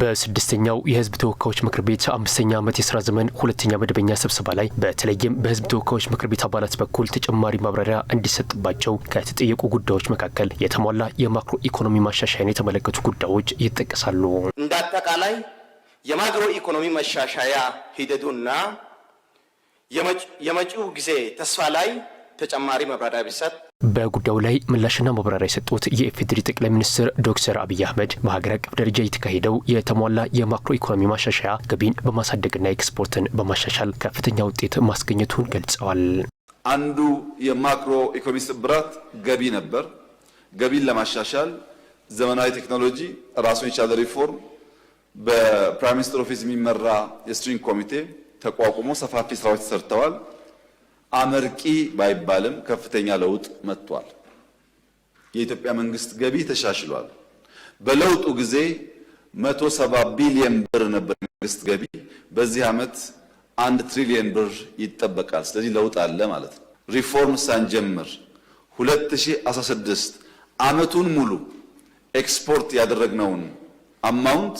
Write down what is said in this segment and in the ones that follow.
በስድስተኛው የህዝብ ተወካዮች ምክር ቤት አምስተኛ ዓመት የስራ ዘመን ሁለተኛ መደበኛ ስብሰባ ላይ በተለይም በህዝብ ተወካዮች ምክር ቤት አባላት በኩል ተጨማሪ ማብራሪያ እንዲሰጥባቸው ከተጠየቁ ጉዳዮች መካከል የተሟላ የማክሮ ኢኮኖሚ ማሻሻያን የተመለከቱ ጉዳዮች ይጠቀሳሉ። እንደ አጠቃላይ የማክሮ ኢኮኖሚ መሻሻያ ሂደቱና የመጪው ጊዜ ተስፋ ላይ ተጨማሪ ማብራሪያ ቢሰጥ በጉዳዩ ላይ ምላሽና ማብራሪያ የሰጡት የኢፌዴሪ ጠቅላይ ሚኒስትር ዶክተር አብይ አህመድ በሀገር አቀፍ ደረጃ የተካሄደው የተሟላ የማክሮ ኢኮኖሚ ማሻሻያ ገቢን በማሳደግና ኤክስፖርትን በማሻሻል ከፍተኛ ውጤት ማስገኘቱን ገልጸዋል። አንዱ የማክሮ ኢኮኖሚ ስብራት ገቢ ነበር። ገቢን ለማሻሻል ዘመናዊ ቴክኖሎጂ፣ ራሱን የቻለ ሪፎርም፣ በፕራይም ሚኒስትር ኦፊስ የሚመራ የስትሪንግ ኮሚቴ ተቋቁሞ ሰፋፊ ስራዎች ተሰርተዋል። አመርቂ ባይባልም ከፍተኛ ለውጥ መጥቷል። የኢትዮጵያ መንግስት ገቢ ተሻሽሏል። በለውጡ ጊዜ 170 ቢሊዮን ብር ነበር መንግስት ገቢ፣ በዚህ ዓመት አንድ ትሪሊዮን ብር ይጠበቃል። ስለዚህ ለውጥ አለ ማለት ነው። ሪፎርም ሳንጀምር 2016 ዓመቱን ሙሉ ኤክስፖርት ያደረግነውን አማውንት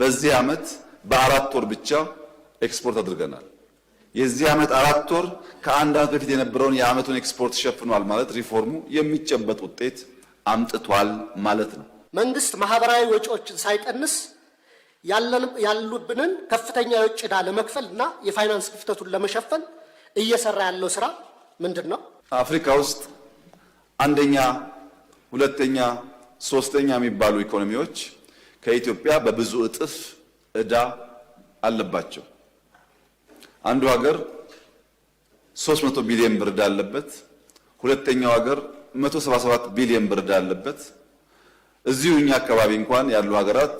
በዚህ ዓመት በአራት ወር ብቻ ኤክስፖርት አድርገናል። የዚህ ዓመት አራት ወር ከአንድ ዓመት በፊት የነበረውን የዓመቱን ኤክስፖርት ሸፍኗል ማለት ሪፎርሙ የሚጨበጥ ውጤት አምጥቷል ማለት ነው። መንግስት ማህበራዊ ወጪዎችን ሳይቀንስ ያሉብንን ከፍተኛ የውጭ ዕዳ ለመክፈል እና የፋይናንስ ክፍተቱን ለመሸፈን እየሰራ ያለው ስራ ምንድን ነው? አፍሪካ ውስጥ አንደኛ፣ ሁለተኛ፣ ሶስተኛ የሚባሉ ኢኮኖሚዎች ከኢትዮጵያ በብዙ እጥፍ ዕዳ አለባቸው። አንዱ ሀገር 300 ቢሊዮን ብር ዕዳ አለበት። ሁለተኛው ሀገር 177 ቢሊዮን ብር ዕዳ አለበት። እዚሁ እኛ አካባቢ እንኳን ያሉ ሀገራት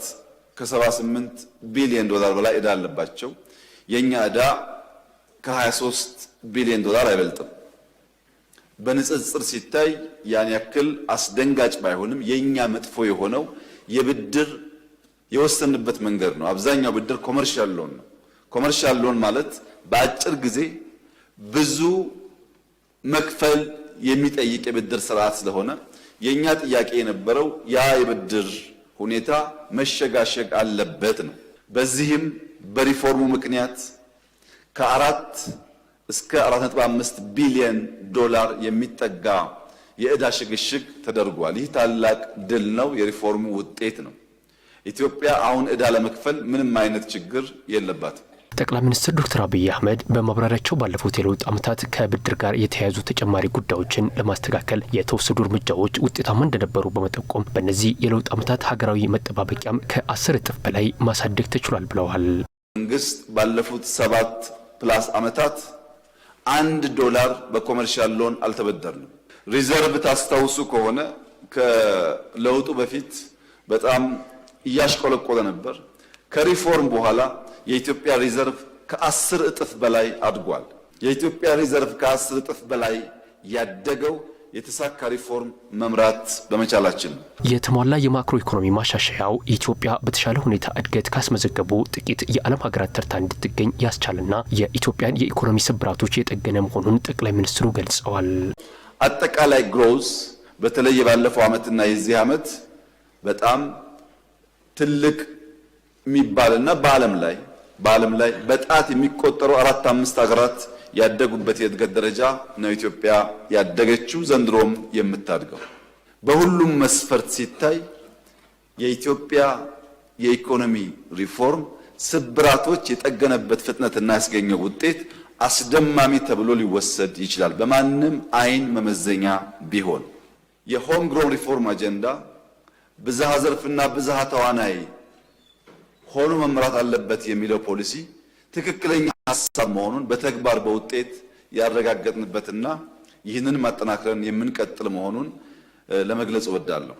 ከ78 ቢሊዮን ዶላር በላይ እዳ አለባቸው። የኛ እዳ ከ23 ቢሊዮን ዶላር አይበልጥም። በንጽጽር ሲታይ ያን ያክል አስደንጋጭ ባይሆንም የኛ መጥፎ የሆነው የብድር የወሰንበት መንገድ ነው። አብዛኛው ብድር ኮመርሻል ሎን ነው። ኮመርሻል ሎን ማለት በአጭር ጊዜ ብዙ መክፈል የሚጠይቅ የብድር ስርዓት ስለሆነ የእኛ ጥያቄ የነበረው ያ የብድር ሁኔታ መሸጋሸግ አለበት ነው። በዚህም በሪፎርሙ ምክንያት ከአራት እስከ 4.5 ቢሊዮን ዶላር የሚጠጋ የዕዳ ሽግሽግ ተደርጓል። ይህ ታላቅ ድል ነው፣ የሪፎርሙ ውጤት ነው። ኢትዮጵያ አሁን ዕዳ ለመክፈል ምንም አይነት ችግር የለባትም። ጠቅላይ ሚኒስትር ዶክተር አብይ አህመድ በማብራሪያቸው ባለፉት የለውጥ ዓመታት ከብድር ጋር የተያያዙ ተጨማሪ ጉዳዮችን ለማስተካከል የተወሰዱ እርምጃዎች ውጤታማ እንደነበሩ በመጠቆም በእነዚህ የለውጥ ዓመታት ሀገራዊ መጠባበቂያም ከአስር እጥፍ በላይ ማሳደግ ተችሏል ብለዋል። መንግስት ባለፉት ሰባት ፕላስ ዓመታት አንድ ዶላር በኮመርሻል ሎን አልተበደርንም። ሪዘርቭ ታስታውሱ ከሆነ ከለውጡ በፊት በጣም እያሽቆለቆለ ነበር። ከሪፎርም በኋላ የኢትዮጵያ ሪዘርቭ ከአስር እጥፍ በላይ አድጓል። የኢትዮጵያ ሪዘርቭ ከአስር እጥፍ በላይ ያደገው የተሳካ ሪፎርም መምራት በመቻላችን የተሟላ የማክሮ ኢኮኖሚ ማሻሻያው ኢትዮጵያ በተሻለ ሁኔታ እድገት ካስመዘገቡ ጥቂት የዓለም ሀገራት ተርታ እንድትገኝ ያስቻልና የኢትዮጵያን የኢኮኖሚ ስብራቶች የጠገነ መሆኑን ጠቅላይ ሚኒስትሩ ገልጸዋል። አጠቃላይ ግሮዝ በተለይ ባለፈው ዓመትና የዚህ ዓመት በጣም ትልቅ የሚባልና በዓለም ላይ በዓለም ላይ በጣት የሚቆጠሩ አራት አምስት ሀገራት ያደጉበት የእድገት ደረጃ ነው ኢትዮጵያ ያደገችው፣ ዘንድሮም የምታድገው። በሁሉም መስፈርት ሲታይ የኢትዮጵያ የኢኮኖሚ ሪፎርም ስብራቶች የጠገነበት ፍጥነትና ያስገኘው ውጤት አስደማሚ ተብሎ ሊወሰድ ይችላል። በማንም አይን መመዘኛ ቢሆን የሆም ግሮን ሪፎርም አጀንዳ ብዝሃ ዘርፍና ብዝሃ ተዋናይ ሆኖ መምራት አለበት የሚለው ፖሊሲ ትክክለኛ ሀሳብ መሆኑን በተግባር በውጤት ያረጋገጥንበትና ይህንን ማጠናከርን የምንቀጥል መሆኑን ለመግለጽ እወዳለሁ።